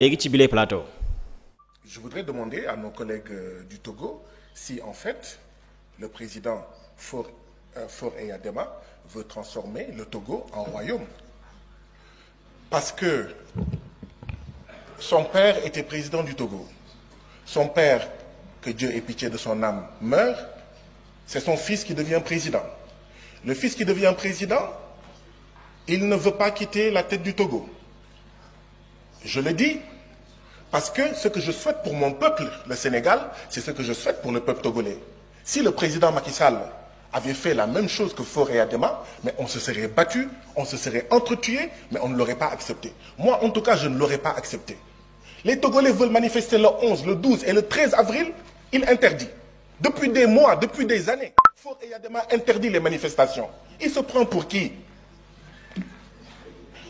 léegi ci bile plateau. je voudrais demander à nos collègues euh, du Togo si en fait le président Faure euh, Faure Eyadema veut transformer le Togo en royaume parce que son père était président du Togo son père que Dieu ait pitié de son âme meurt c'est son fils qui devient président le fils qui devient président il ne veut pas quitter la tête du Togo je le dis Parce que ce que je souhaite pour mon peuple, le Sénégal, c'est ce que je souhaite pour le peuple togolais. Si le président Macky Sall avait fait la même chose que Fauré Adema, mais on se serait battu, on se serait entretué, mais on ne l'aurait pas accepté. Moi, en tout cas, je ne l'aurais pas accepté. Les Togolais veulent manifester le 11, le 12 et le 13 avril, il interdit. des mois, depuis des années, Fauré Adema interdit les manifestations. Il se prend pour qui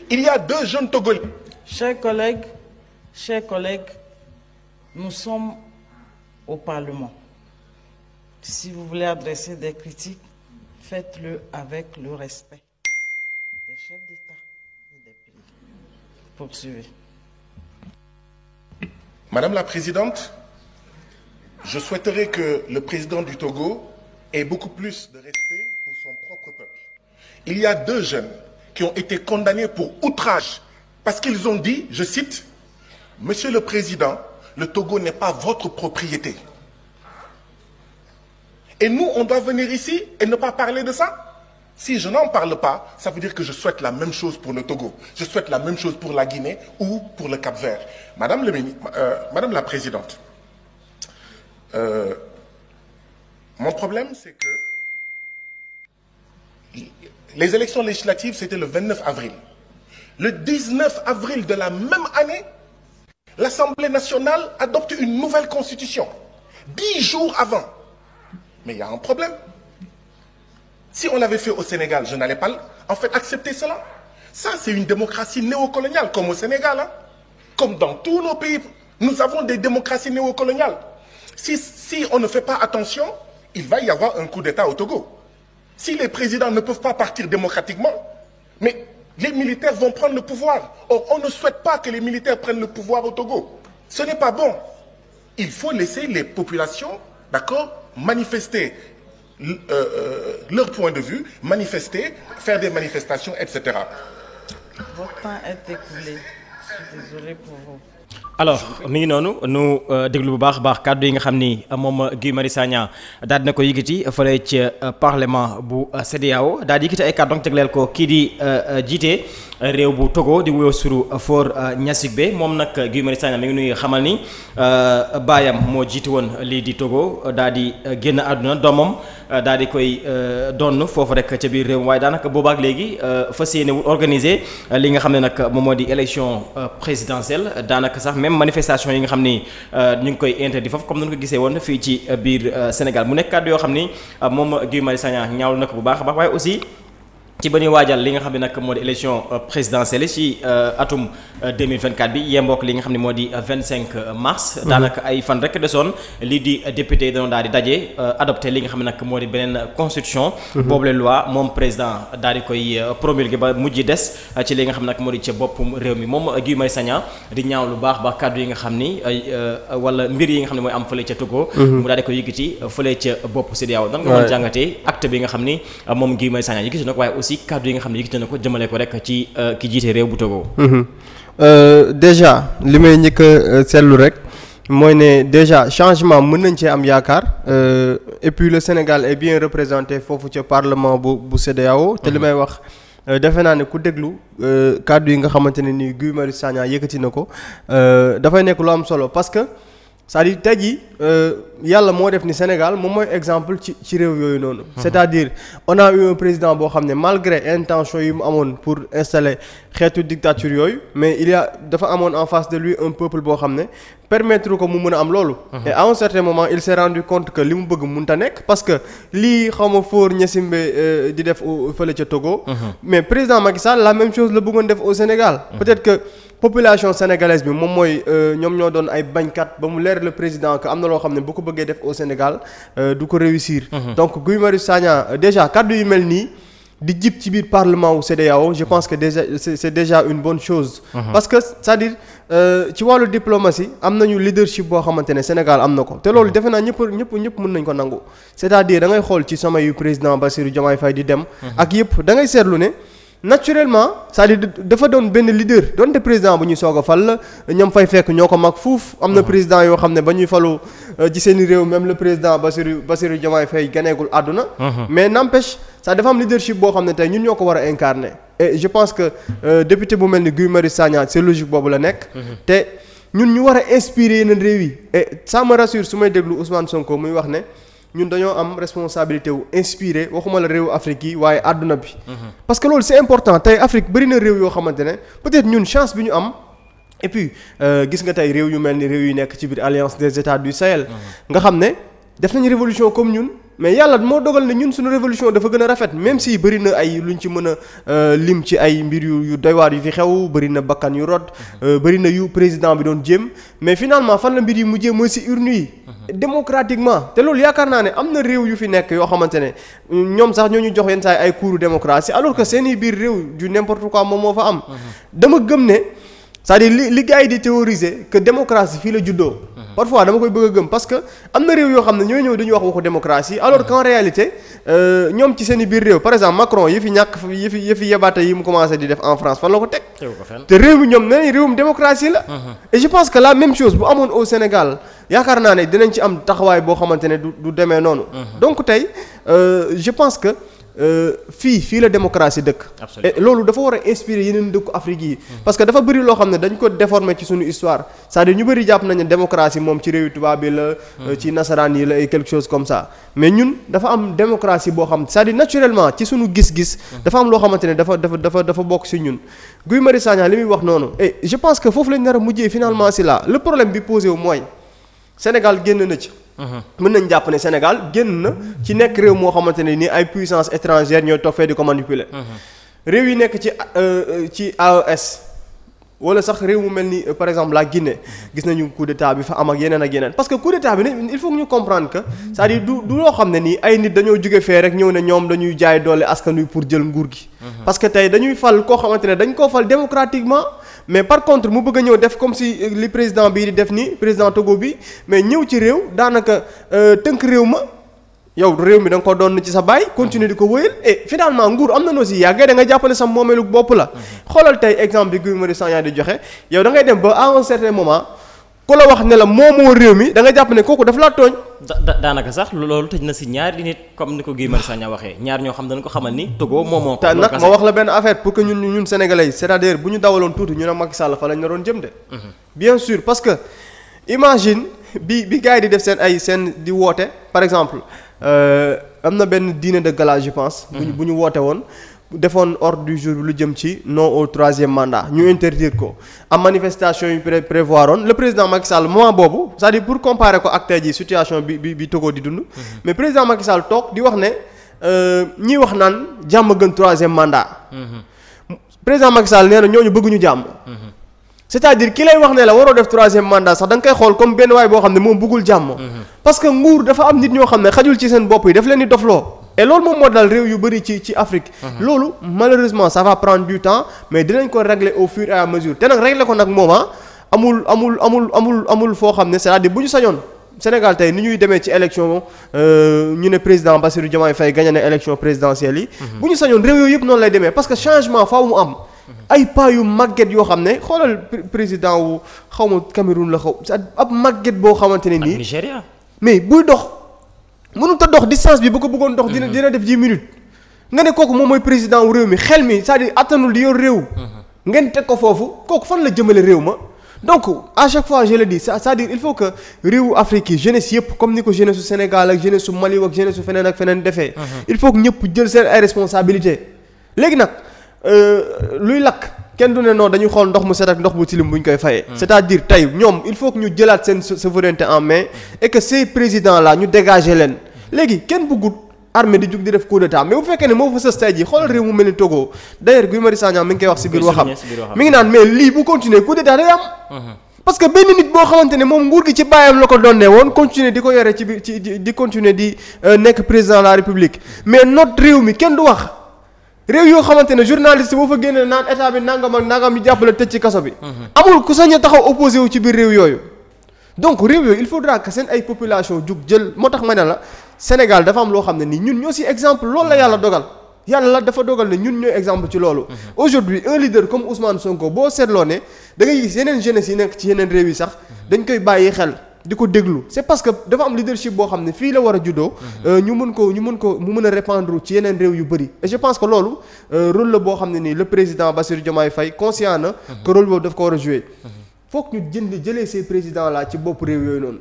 Il y a deux jeunes Togolais. Chers collègues, Chers collègues, nous des le avec le respect des Madame la Présidente, je souhaiterais que le président du Togo ait beaucoup plus de respect pour son propre peuple. Il y a deux jeunes qui ont été condamnés pour outrage parce qu'ils ont dit, je cite, Monsieur le Président, le Togo n'est pas votre propriété. Et nous, on doit venir de ça si je n'en parle pas, ça veut dire que la même chose pour le Togo, je souhaite la même chose pour la Guinée ou pour le Cap-Vert. Madame, le, euh, Madame la Présidente, euh, les élections législatives, c'était le 29 avril. Le 19 avril de la même l'Assemblée nationale adopte une nouvelle constitution, dix jours avant. Mais il y a un problème. Si on l'avait fait au Sénégal, je n'allais pas en fait accepter cela. Ça, c'est une démocratie néocoloniale, comme au Sénégal. Hein. Comme dans tous nos pays, nous avons des démocraties néocoloniales. Si, si on ne fait pas attention, il va y avoir un coup d'État au Togo. Si les présidents ne peuvent pas partir démocratiquement, mais les militaires vont prendre le pouvoir. Or, on ne souhaite pas que les militaires prennent le pouvoir au Togo. Ce n'est pas bon. Il faut laisser les populations, d'accord, manifester euh, euh, leur point de vue, manifester, faire des manifestations, etc. Votre temps est écoulé. pour vous. alors mu ngi noonu nu euh, déglu bu baax baax kàddu yi nga xam ni euh, moom euh, Guy Marius Sagna daal dina ko yëkkati fële ca parlement bu CEDEAO daal di yëkkati ay kàddu donc jagleel ko kii di jiite réew bu Togo di wuyoo suru Faure Gnassingbe moom nag Guy Marius Sagna mi ngi nuy xamal ni baayam moo jiiti woon lii di Togo daal di génn àdduna doomam daal di koy donn foofu rek ca biir réew waaye daanaka boobaak léegi fas yéene wul organiser li nga xam ne nag moom moo di élection présidentielle même manifestation yi nga xam ni euh, ñu ngi koy interdit foofu comme nañu ko gisee woon fii ci euh, biir euh, Sénégal mu nekk yoo xam ni moom Guy Marius Sagna ñaawlu na ko bu baax a baax waaye aussi ci ba ñuy waajal li nga xam ne nag moo di élection euh, présidentielle ci euh, atum 2024 euh, bi yembook li nga xam ne moo di 25 mars. Mhm. daanaka ay fan rek desoon lii di député dañoo daal di daje adopté li nga xam ne nag moo di beneen constitution. Mhm. boobule loi moom président daal di koy promulgué ba mujj des ci li nga xam nag moo di ca boppum réew mi moom Guy Marius Sagna di ñaaw lu baax ba kàddu yi nga xam ni wala mbir yi nga xam ne mooy am fële ca Togo. Mhm. mu daal di ko yëkkati fële ca bopp CEDEAO. waaw nan nga mën jàngatee acte bi nga xam ni moom gi Marius Sagna yëkkati na ko waaye aussi kàddu yi nga xam ne yëkkati ko jëmale ko rek ci euh, ki jiite réew bu Togo. Mhm. Euh, déjà li may njëkk a euh, seetlu rek mooy ne déjà changement mën nañ cee am yaakaar et puis le Sénégal est bien représenté foofu ca parlement bu bu CEDEAO te li mhm. may wax. defe naa ne ku déglu kàddu yi nga xamante ne nii Guy Marius Sagna yëkkati na ko dafay nekk lu am solo parce que c'est-à-dire yàlla moo def ni Sénégal moom mooy exemple ci ci réew yooyu noonu. Mhm. c'est-à-dire on a eu un président boo xam ne malgré intention yi mu amoon pour installer xeetu dictature yooyu mais il y a dafa amoon en face de lui un peuple boo xam ne permettre ko mu mën a am loolu. Mhm. et à un certain moment il s'est rendu compte que li mu bëgg mënut a nekk parce que lii xaw ma Faure Gnassingbé euh, di def fële ca Togo. Mhm. mais président Macky Sall la même chose la bëggoon def au Sénégal. peut-être que population mooy euh, ñoom ñoo doon ba mu leer le président que am na loo xam ne bu bëggee def au Sénégal euh, du ko réussir. Mhm. donc Guy Marius Sagna déjà kaddu yu mel nii. di jib ci biir parlement wu CEDEAO je pense que déjà c'est déjà une bonne chose mhm. parce que c'est-à-dire euh, ci wàllu diplomatie am nañu leadership boo xamante ne Sénégal am na ko te loolu mhm. defe naa ñëpp ñëpp ñëpp mën nañ ko nangu c'est-à-dire da ngay xool ci sommet yu président Bassirou Diomaye Faye di dem ak yëpp da seetlu ne naturellement c'est-à-dire dafa doon benn leader donte président bu ñu soog a fal ñam fay fekk ñoo ko mag fuuf. am na président yoo xam ne ba ñuy falu euh, ci seeni réew même le président Bassirou Bassirou Diomaye fay ganeegul àdduna. mais n'empêche ça dafa am leadership boo xam ne tey ñun ñoo ko war a incarner. et je pense que euh, député bu mel ni Guy Marius Sagna c'est logique boobu la nekk. te ñun ñu war a inspirer yeneen réew yi. et ça me su may déglu Ousmane Sonko muy wax ne. ñun dañoo am responsabilité wu inspiré waxuma la réew Afrique yi waaye àdduna bi. parce que loolu c'est important tey Afrique bëri réew yoo xamante ne peut-être ñun chance bi ñu am. et puis euh, gis nga tey réew yu mel ni réew yu nekk ci biir alliance des états du Sahel. Mhm. nga xam ne def nañu révolution comme ñun. mais yàlla moo dogal ne ñun suñu révolution dafa gën a rafet même si bëri na ay ñu ci mën a euh, lim ci ay mbir yu yu doywaar yu fi xew bëri na bakkan yu rot mhm. euh, bëri na yu président bi doon jéem mais finalement fan la mbir yi mujjee mooy si urne yi mhm. démocratiquement te loolu yaakaar naa ne am na réew yu fi nekk yoo xamante ne ñoom sax ñoo ñu jox yenn saa ay cours démocratie alors que seeni biir réew du n'importe quoi moom moo fa am mhm. dama gëm ne cest à li li yi di théoriser que démocratie fii la juddoo parfois dama koy bëgg a gëm parce que am na réew yoo xam ne ñooy ñëw dañuy wax waxu démocratie alors qu'en réalité euh, ñoom ci seen i biir réew par exemple Macron yi fi ñàkk yi fi yi fi yebaate yi mu commencé di def en France fan la ko teg te réew mi ñoom nee nañ réewum démocratie la mhm. je pense que la même chose bu amoon au Sénégal yaakaar naa ne dinañ ci am taxawaay boo xamante ne du du demee noonu mhm. donc tey euh, je pense que Euh, fii fii la démocratie dëkk. loolu dafa war a inspirer yeneen dëkku Afrique yi. Hmm. parce que dafa bëri loo xam ne dañ ko déformer ci suñu histoire c'est-à-dire ñu bëri jàpp nañu ne démocratie moom ci réewu tubaab bi la. Euh, hmm. ci nasaraan yi la ay quelque chose comme ça mais ñun dafa am démocratie boo xam cest à naturellement ci suñu gis-gis. Hmm. dafa am loo xamante ne dafa dafa dafa dafa bokk si ñun. Guy Marius Sagna li muy wax noonu je pense que foofu lañ nar a mujjee finalement si là le bi posé wu mooy Sénégal génn na ci. mën nañ jàpp Sénégal génn na ci nekk réew moo xamante ne nii ay puissance étrangère ñooy toog fee di ko manipuler réew yi nekk ci euh, euh, ci AES wala sax réew mu mel ni euh, par exemple la Guinée gis nañu coup d'état bi fa am ak yeneen ak yeneen parce que coup d'état bi il faut ñu comprendre que cest à du du loo xam ne nii ay nit dañoo jóge fee rek ñëw ne ñoom dañuy jaay doole askan wi pour jël nguur gi. Mhm. parce que tey dañuy fal koo xamante ne dañ koo fal démocratiquement mais par contre mu bëgg a ñëw def comme si euh, li président bii di def ni président Togo bi mais ñëw ci réew daanaka euh, tënk réew ma. yow réew mi da nga ko doon ci sa baay continuer di ko wëyal et eh, finalement nguur am na noo si yàggee da ngay jàpp ne sa bopp la. xoolal tey exemple bi moment ku la wax ne la moomoo réew mi da nga jàpp ne kooku daf laa tooñ. daanaka sax loolu tëj na si ñaari nit comme ni ko Guy Marius Sagna waxee ñaar ñoo xam dañ ko xamal ni Togo moomoo. te nag ma wax la benn affaire pour que ñun ñun sénégalais yi cest bu ñu dawaloon tuuti ñu bi bi gars di def seen ay seen di woote par exemple euh, am na benn dîner de gala je pense. bu ñu mm-hmm. bu woote woon. defoon ordre du jour bi lu jëm ci non au troisième mandat ñu interdire ko am manifestation yu pré prévoiroon le président Macky Sall moment boobu cest à pour comparer ko ak tey jii situation bi bi bi Togo di dund. Mm-hmm. mais président Macky toog di wax ne euh, ñiy wax naan jàmm gën troisième mandat. Mm-hmm. président Macky Sall nee na ñooñu bëgguñu jàmm. c'est-à-dire ki lay wax ne la waroo def troisième mandat sax da nga koy xool comme benn waay boo xam ne moom bëggul jàmm. Mhm. parce que nguur dafa am nit ñoo xam ne xajul ci seen bopp yi daf leen di dofloo. et loolu moom moo dal réew yu bëri ci ci Afrique. Mhm. loolu malheureusement ça va prendre du temps mais dinañ ko régler au fur et à mesure te nag régler ko nag moom ah, amul amul amul amul amul foo xam ne c'est-à-dire bu ñu sañoon Sénégal tey ni ñuy demee ci élection euh, ñu ne président Bassirou Diomaye Faye gagné na élection présidentielle yi. Mhm. ñu sañoon réew yëpp noonu lay demee parce que changement faaw mu am. ay pas yu màgget yoo xam ne xoolal président wu xaw ma Cameroun la xaw ab màgget boo xamante ne nii. Nigéria mais buy dox mënut a dox distance bi bu ko bëggoon dox. dina mm-hmm. dina def 10 minutes. nga ne kooku moom mooy président wu réew mi xel mi c'est-à-dire di yor réew. Mm-hmm. ngeen teg ko foofu kooku fan la jëmale réew ma. donc à chaque fois je saa dis il faut que réewu Afrique yi jeunesse yëpp comme ni ko jeunesse su Sénégal ak jeunesse su Mali ak jeunesse su feneen ak feneen defee. Mm-hmm. il faut que ñëpp jël seen ay responsabilités léegi nag. Euh, luy lakk kenn du ne non dañuy xool ndox mu set ak ndox bu tilim bu ñu koy fayee. Hmm. c'est-à-dire tey ñoom il faut que ñu jëlaat seen souveraineté en main hmm. et que ces ñu dégager leen hmm. léegi kenn bëggut armée di jug di def coup d'état mais bu fekkee ne moo fa sës tey jii xoolal réew mu mel ni Togo d'ailleurs Guy Marius Sagna mi ngi koy wax si biir waxam mi ngi naan mais lii bu continuer coup d'état day am. benn nit boo xamante ne moom nguur gi ci bàyyam la ko doon ne woon yore ci bi ci di di euh, nekk président la république mais notre réew mi kenn du wax. réew yoo xamante ne journaliste boo fa génne naan état bi nangam ak nangam ñu jàppale tëj ci kaso bi. amul ku sañ a taxaw opposé wu ci biir réew yooyu. donc réew yooyu il faudra que seen ay population jug jël moo tax ma ne la Sénégal dafa am loo xam ne nii ñun ñoo si exemple loolu la yàlla dogal yàlla dafa dogal ne ñun ñooy exemple ci loolu. Mhm. aujourd'hui un leader comme Ousmane Sonko boo seetloo ne da ngay gis yeneen jeunesse yi nekk ci yeneen réew yi sax mhm. dañ koy bàyyi xel. di ko déglu c'est parce que dafa am leadership boo xam ne fii la war a juddoo. Mhm. Euh, ñu mën ko ñu mën ko mu mën a répandre ci yeneen réew yu bëri et je pense que loolu euh, rôle la boo xam ne nii le président Bassirou Diomaye Faye conscient na mhm. que rôle boobu daf ko war a jouer mhm. foog ñu jënd jëlee ces président là ci bopp réew yooyu noonu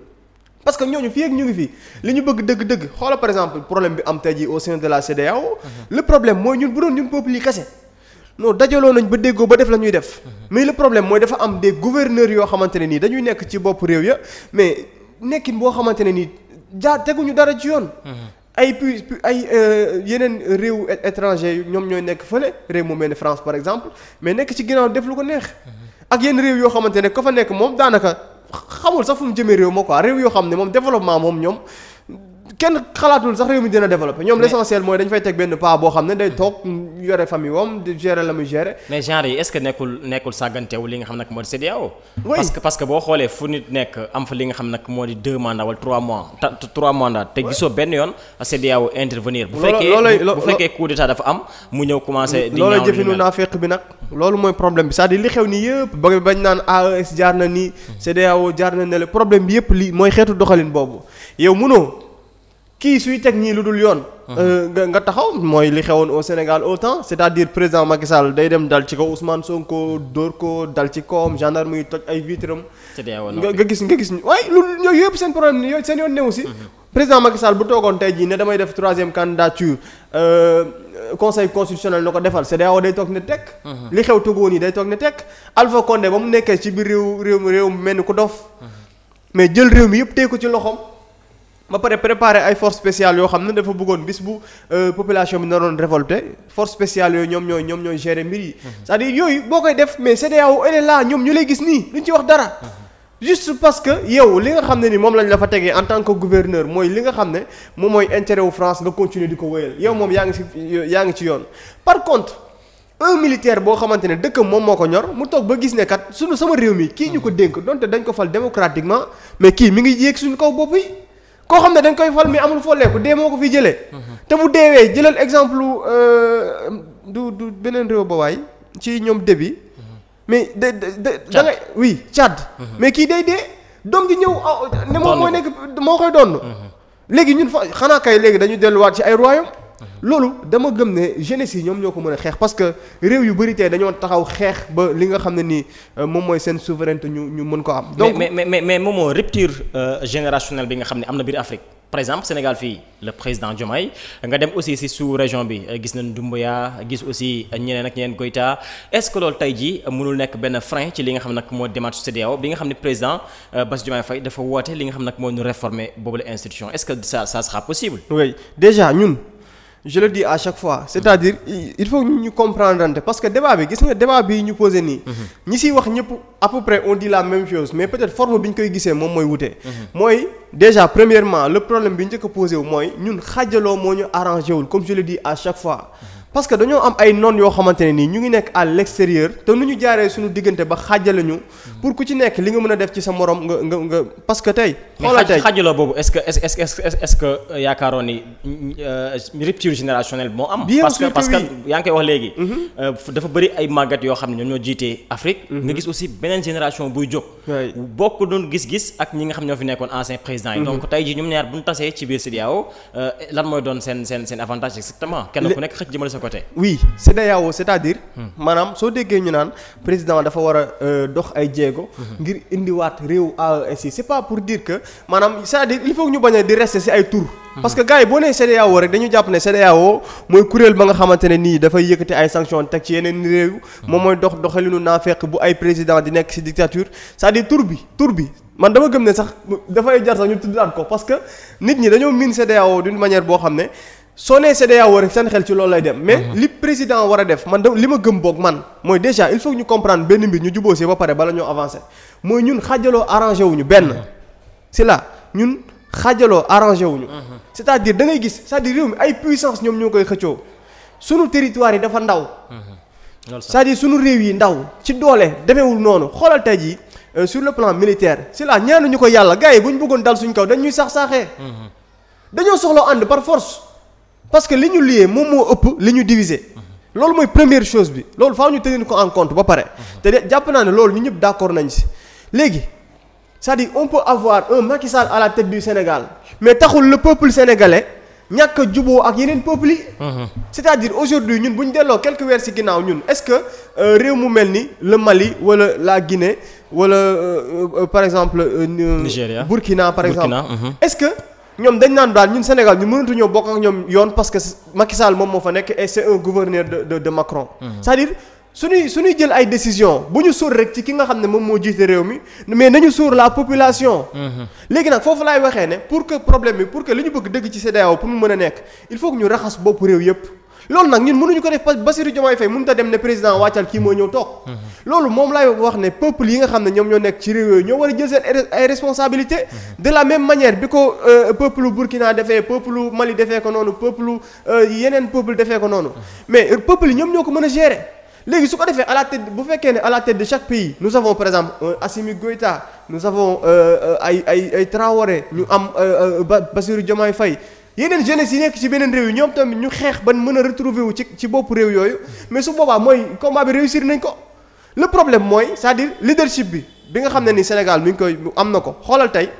parce que ñooñu fii ak ñu ngi fi li ñu bëgg dëgg-dëgg xoola par exemple problème bi am tey jii au sein de la CEDEAO le problème mooy ñun bu doon ñun non dajaloo nañ ba déggoo ba def la ñuy def mais le problème mooy dafa am de gouverneurs yoo xamante ne nii dañuy nekk ci bopp réew ya mais nekkin boo xamante ne nii jaa teguñu dara ci yoon ay puis ay euh, yeneen réew étranger ñoom ñooy nekk fële réew mu mel ne France par exemple mais nekk ci ginnaaw def lu ko neex ak yenn réew yoo xamante ne ko fa nekk moom daanaka xamul sax fu mu jëmee réew ma quoi réew yoo xam ne moom développement moom ñoom kenn xalaatul sax réew mi dina développé ñoom l'essentiel mooy dañ fay teg benn paa boo xam ne day toog yore famille wam di la muy gérer mais genre yi est-ce que nekkul nekkul sàgganteewu li nga xam nag moo di CEDEAO parce que parce que boo xoolee fu nit nekk am fa li nga xam nag moo di deux mandats wala trois mois trois te gisoo benn yoon CEDEAO intervenir bu fekkee bu fekkee coup d'état dafa am mu ñëw commencé di loolu jëfinu naa féq mooy problème bi c'est-à-dire li xew e jaar na hmm. na ne bi yëpp li mooy xeetu doxalin boobu yow munoo kii suy teg nii lu dul yoon. Uh-huh. Euh, nga taxaw mooy li xewoon au Sénégal autant c'est-à-dire président Macky Sall day dem dal ci kaw Ousmane Sonko dóor ko dal ci kawam gendarme yi toj ay vitram nga gis nga gis waaye loolu yooyu yëpp seen problème yooyu seen yoon newu si. Uh-huh. président Macky bu toogoon tey jii ne damay def troisième candidature euh, conseil constitutionnel na ko defal CEDEAO day toog ne tekk. Uh-huh. li xew Togo nii day toog ne tekk. Alpha Condé ba mu nekkee ci biir réew réew réew mel ni ku dof mais jël réew mi yëpp tey ko ci loxoom. ba pare préparer ay forces spéciales yoo xam ne dafa bëggoon bis bu euh, population bi naroon révolté forces spéciales yooyu ñoom ñooy ñoom ñooy gérer mbir yi. Mhm. cest dire yooyu boo koy def mais CEDEAO elle est là ñoom ñu lay gis nii duñ ci wax dara. Mhm. juste parce que yow li nga xam ne ni moom lañ la fa tegee en tant que gouverneur mooy li nga xam ne moom mooy intérêt wu France nga continuer di ko wéyal yow moom yaa ngi ci yaa ngi ci yoon par contre. un militaire boo xamante ne dëkkam moom moo ko ñor mu toog ba gis ne kat suñu sama réew mi kii ñu ko dénk donte dañ ko fal démocratiquement mais kii mi ngi yéeg suñu kaw bopp yi koo xam ne dañ koy fal mi amul folleeku dee moo ko fi jëlee. Mhm. te mu deewee jëlal exemple euh, du du beneen réew ba waay ci ñoom début. Mhm. mais de de da ngay oui Tchad. Mhm. mais kii day dee doom ji ñëw ah, ne moo mooy nekk moo koy donn léegi ñun fa xanaa kay léegi dañu delluwaat ci ay royaume loolu dama gëm ne jeunesse ñoom ñoo ko mën a xeex parce que réew yu bëri tey dañoo taxaw xeex ba li nga xam ne nii euh, moom mooy seen souveraineté ñu ñu mën ko am. donc mais mais mais mais moom moo rupture euh, générationnelle bi nga xam ne am na biir Afrique. par exemple Sénégal fii le président Diomaye nga dem aussi ci sous région bi euh, gis nañ Doumbouya gis aussi ñeneen ak ñeen Goïta est-ce que loolu tey jii mënul nekk benn frein ci li nga xam nag moo démarche CEDEAO bi nga xam ne président Bassirou Diomaye Faye dafa woote li nga xam nag moo ñu réformer boobu la institution est-ce que ça ça sera possible. déjà ñun je le dis à chaque fois c'est-à-dire il faut ñu comprendre parce que débat bi gis nga débat bi ñu posé nii mhm. ñi siy wax ñëpp à près on dit la même chose mais peut-être forme bi ñu koy gisee moom mooy wutee mhm. mooy déjà premièrement le problème bi njëkk a posé wu mooy ñun xaajaloo moo ñu arrangé wul comme je le dis à chaque fois mhm. parce que dañoo am ay noon yoo xamante ne nii ñu ngi nekk à l'extérieur te nu ñu jaaree suñu diggante ba xaajale ñu pour ku ci nekk li nga mën a def ci sa morom nga nga nga parce que tey. xoolal tey mais xaajaloo boobu est-ce que est-ce que est-ce que euh, am. parce parce que yaa ngi koy wax léegi. Mhm. Euh, dafa bëri ay màggat yoo xam ne ñoom ñoo jiitee Afrique. Mhm. nga gis aussi beneen génération buy jóg. bokk doon gis-gis ak ñi nga xam ñoo fi nekkoon ancien président yi. Mhm. donc tey jii ñoom ñaar ñu tasee ci biir CEDEAO euh, lan mooy doon seen seen seen avantage exactement kenn ku nekk xëcc jëmale sa ko côté. oui CEDEAO c'est-à-dire. maanaam soo déggee ñu naan président dafa war a euh, dox ay jéego. ngir indiwaat réew AES yi c'est pas pour dire que maanaam c'est-à-dire il faut ñu bañ di rester ci ay tour parce que gars yi boo nee CEDEAO rek dañu jàpp ne CEDEAO mooy kuréel ba nga xamante ne nii dafay yëkkate ay sanctions teg ci yeneen réew. moom mooy dox doxalinu naa fekk bu ay président di nekk si dictature cest a dire tour bi tour bi. man dama gëm ne sax dafay jar sax ñu tuddaat que nit ñi dañoo miin CEDEAO d'une boo xam ne soo nee CEDEAO rek seen xel ci loolu lay dem. mais mhm. li président war a def man de li ma gëm boog man mooy déjà il faut ñu comprendre benn mbir ñu jubóosee ba pare bala ñoo avancer mooy ñun xaajaloo arrangé wuñu benn mhm. c'est là ñun xajaloo arrangé wuñu. Mhm. c'est-à-dire da ngay gis c'est-à-dire réew mi ay puissance ñoom ñoo koy xëccoo sunu territoire yi dafa ndaw. loolu sax c'est-à-dire sunu réew yi ndaw ci doole demeewul noonu xoolal tey jii euh, sur le plan militaire c'est là ñaanuñu ko yàlla gars yi ñu bëggoon dal suñ kaw dañ ñuy sax saaxee. dañoo soxla ànd par force. parce que li ñu lié moom moo ëpp li ñu divisé. loolu mooy première chose bi loolu faaw ñu tenir ko en compte ba pare. te de jàpp naa ne loolu ñu ñëpp d'accord nañ si léegi c'est-à-dire on peut avoir un Macky à la tête Sénégal mais taxul le peuple sénégalais ñàkk juboo ak yeneen peuples yi. Mhm. c'est-à-dire aujourd'hui ñun bu ñu delloo quelques weer si ginnaaw ñun est-ce que euh, réew mu mel ni le Mali wala laa Guinée wala euh, euh, par exemple. Nigeria Burkina par exemple. Mhm. est-ce que. ñoom dañ naan daal ñun Sénégal ñu mënatu ñoo bokk ak ñoom yoon parce que Macky moom moo fa nekk et c'est un gouverneur de de de Macron. Mhm. c'est-à-dire suñuy suñuy jël ay décision bu ñu sóor rek ci ki nga xam ne moom moo jiite réew mi mais nañu sóor la population. Mhm. léegi nag foofu laay waxee ne pour que problème bi pour que li ñu bëgg dëgg ci CEDEAO pour mu mën a nekk il faut que ñu raxas bopp réew yëpp. loolu nag ñun mënuñu ko def parce que Bassirou Diomaye Faye mënut a dem ne président wàccal kii moo ñëw toog mhm. loolu moom laay wax ne peuple yi nga xam ne ñoom ñoo nekk ci réew yooyu ñoo war a jël seen ay responsabilité mhm. de la même manière bi ko euh, peuple Burkina defee peuple Mali defee ko noonu peuple euh, yeneen peuple defee ko noonu mhm. mais peuple yi ñoom ñoo ko mën a gérer léegi su ko defee à la bu fekkee ne à la tête de chaque pays nous avons par exemple euh, Assimi Goïta nous avons ay ay ay ñu am Bassirou Diomaye Faye yeneen jeunesse yi nekk ci beneen réew yi ñoom tamit ñu xeex ban mën a retrouver wu ci ci bopp réew yooyu mais su boobaa mooy combat bi réussir nañ ko le problème mooy c'est-à-dire leadership bi bi nga xam ne ni Sénégal mi ngi koy am na ko xoolal tey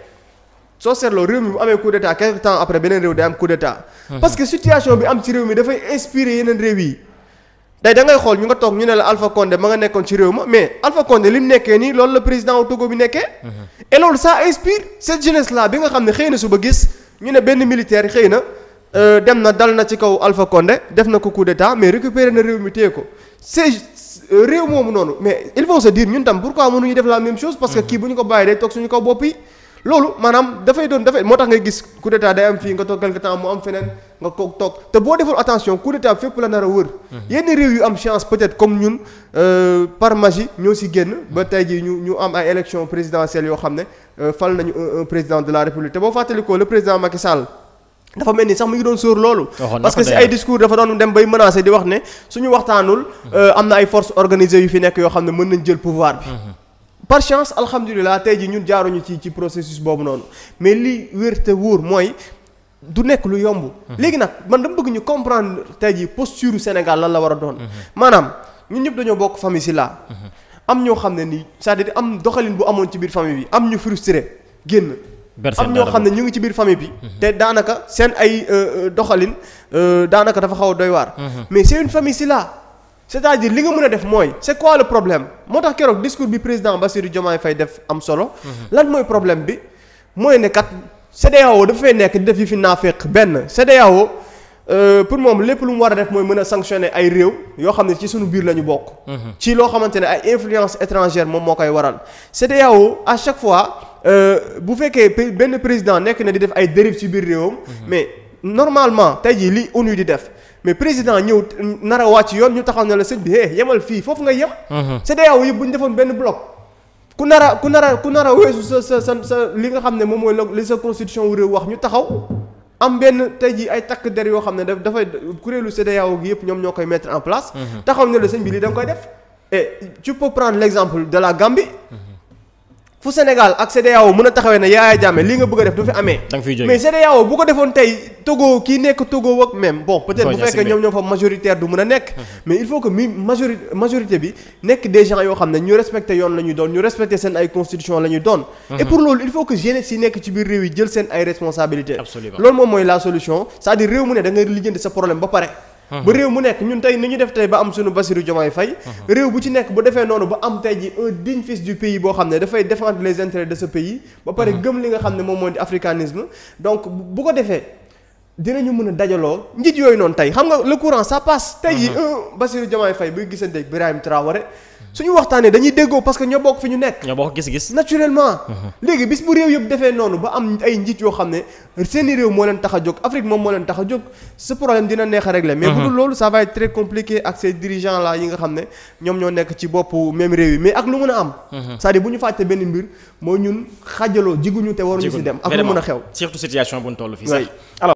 soo seetloo réew mi bu amee coup d'état quelque temps après beneen réew day am coup mhm. parce que situation bi am ci réew mi dafay inspirer yeneen réew yi da ngay xool ñu nga toog ñu ne la Alpha Condé ma nga nekkoon ci réew ma mais Alpha Condé li mu nekkee nii loolu la président au Togo bi nekkee mhm. et loolu ça inspire cette bi nga xam ne xëy na suba gis ñu ne benn militaire xëy na euh, dem na dal na ci kaw Alpha Condé def na ko coup d'état mais récupéré na réew mi téye ko c'est euh, réew moomu noonu mais ils vont se dire ñun tam pourquoi mënuñu def la même chose. parce que mm-hmm. kii bu ñu ko bàyyi day toog suñu kaw bopp loolu maanaam dafay doon dafay moo tax ngay gis coup day am fii nga toog quelque temps mu am feneen nga ko toog te boo deful attention coup d'état fépp la nar a wër. Mhm. yenn réew yu am chance peut-être comme ñun euh, par magie ñoo si génn. ba mhm. tey jii ñu ñu am ay élections présidentielles yoo xam ne euh, fal nañu président de la république te boo fàttalikoo le président Macky Sall. dafa mel ni sax mu ngi doon sóor loolu parce que si ay discours dafa doon dem bay menacé di wax ne suñu waxtaanul mhm. euh, am na ay forces organisées yu fi nekk yoo xam ne mën nañ jël pouvoir bi par chance alhamdulilah tey ji ñun jaaruñu ci ci processus boobu noonu mais li wér te wóor mooy du nekk lu yomb. Mhm. léegi nag man dama bëgg ñu comprendre tey ji posture Sénégal lan la war a doon. Mhm. maanaam ñun ñëpp dañoo bokk famille si laa. Mhm. am ñoo xam ne nii c'est-à-dire am doxalin bu amoon ci biir famille bi am ñu frustré génn. am ñoo xam ne ñu ngi ci biir famille bi. te daanaka seen ay euh, euh, doxalin euh, daanaka dafa xaw a doy waar. mais c'est une si laa. c'est-à-dire li nga mën a def mooy c'est quoi le problème moo tax keroog discours bi président Bassirou Diomaye fay def am solo. Mhm. lan mooy problème bi mooy ne kat CEDEAO dafay nekk di def yi fi naafeq benn CEDEAO euh, pour moom lépp lu mu war a def mooy mën a sanctionner ay réew yoo xam ne ci suñu biir la ñu bokk. Mhm. ci loo xamante ne ay influence étrangère moom moo koy waral CEDEAO à chaque fois euh, bu fekkee benn président nekk na di def ay dérives ci biir réewam. Mhm. mais normalement tey jii li ONU di def. mais président ñëw nar a wàcc yoon ñu taxaw ne la sëñ bi eh yemal fii foofu nga yem. Mhm. CEDEAO yëpp bu ñu defoon benn bloc. ku nar a ku nar a ku nar a weesu sa sa sa sa li nga xam ne moom mooy li sa constitution wu réew wax ñu taxaw am benn tey jii ay takk der yoo xam ne daf dafay kuréelu CEDEAO gi yëpp ñoom ñoo koy mettre en place. Mhm. taxaw ne la sëñ bi lii da koy def. et eh, tu peux prendre exemple de la Gambie. Mhm. fu Sénégal ak CEDEAO mën a taxawee ne Yaya Jammeh li nga bëgg a def du fi amee. da nga fiy mais CEDEAO bu ko defoon tey Togo ki nekk Togo ak même bon. peut-être bu fekkee ñoom ñoo fa majoritaire du mën a nekk. mais il faut que mi majori majorité bi nekk des yoo xam ne ñu respecté yoon la ñuy doon ñu respecté seen ay constitution la ñuy doon. et pour loolu il faut que jeunesse yi nekk ci biir réew yi jël seen ay responsabilités. absolument loolu moom mooy la solution c'est-à-dire réew mu sa problème ba pare. Uh-huh. ba réew mu nekk ñun tey ni ñu def tey ba am suñu Bassirou Diomaye fay uh-huh. réew bu ci nekk bu defee noonu ba am tey ji un digne fils du pays boo xam ne dafay défendre les intérêts de ce pays ba pare uh-huh. gëm li nga xam ne moom mooy di africanisme donc bu ko defee ñu mën a dajaloo njiit yooyu noonu tey xam nga le courant ça passe tey ji fay Bassirou Diomaye Faye buy gisante Birahim Traoré suñu waxtaanee dañuy déggoo parce que ñoo bokk fi ñu nekk. ñoo bokk gis-gis. naturellement. Uh-huh. léegi bis bu réew yëpp defee noonu ba am ay njiit yoo xam ne seeni réew moo leen tax a jóg Afrique moom moo leen tax a jóg ce problème dina neex a régler. mais bu dul uh-huh. loolu ça va être très compliqué ak ces dirigeants là yi nga xam ne ñoom ñoo nekk ci bopp même réew yi mais ak lu mën a am. Uh-huh. cest à bu ñu fàccee benn mbir moo ñun xaajaloo jiguñu te waruñu si dem. ak lu mën a xew surtout situation bu ñu toll fii sax.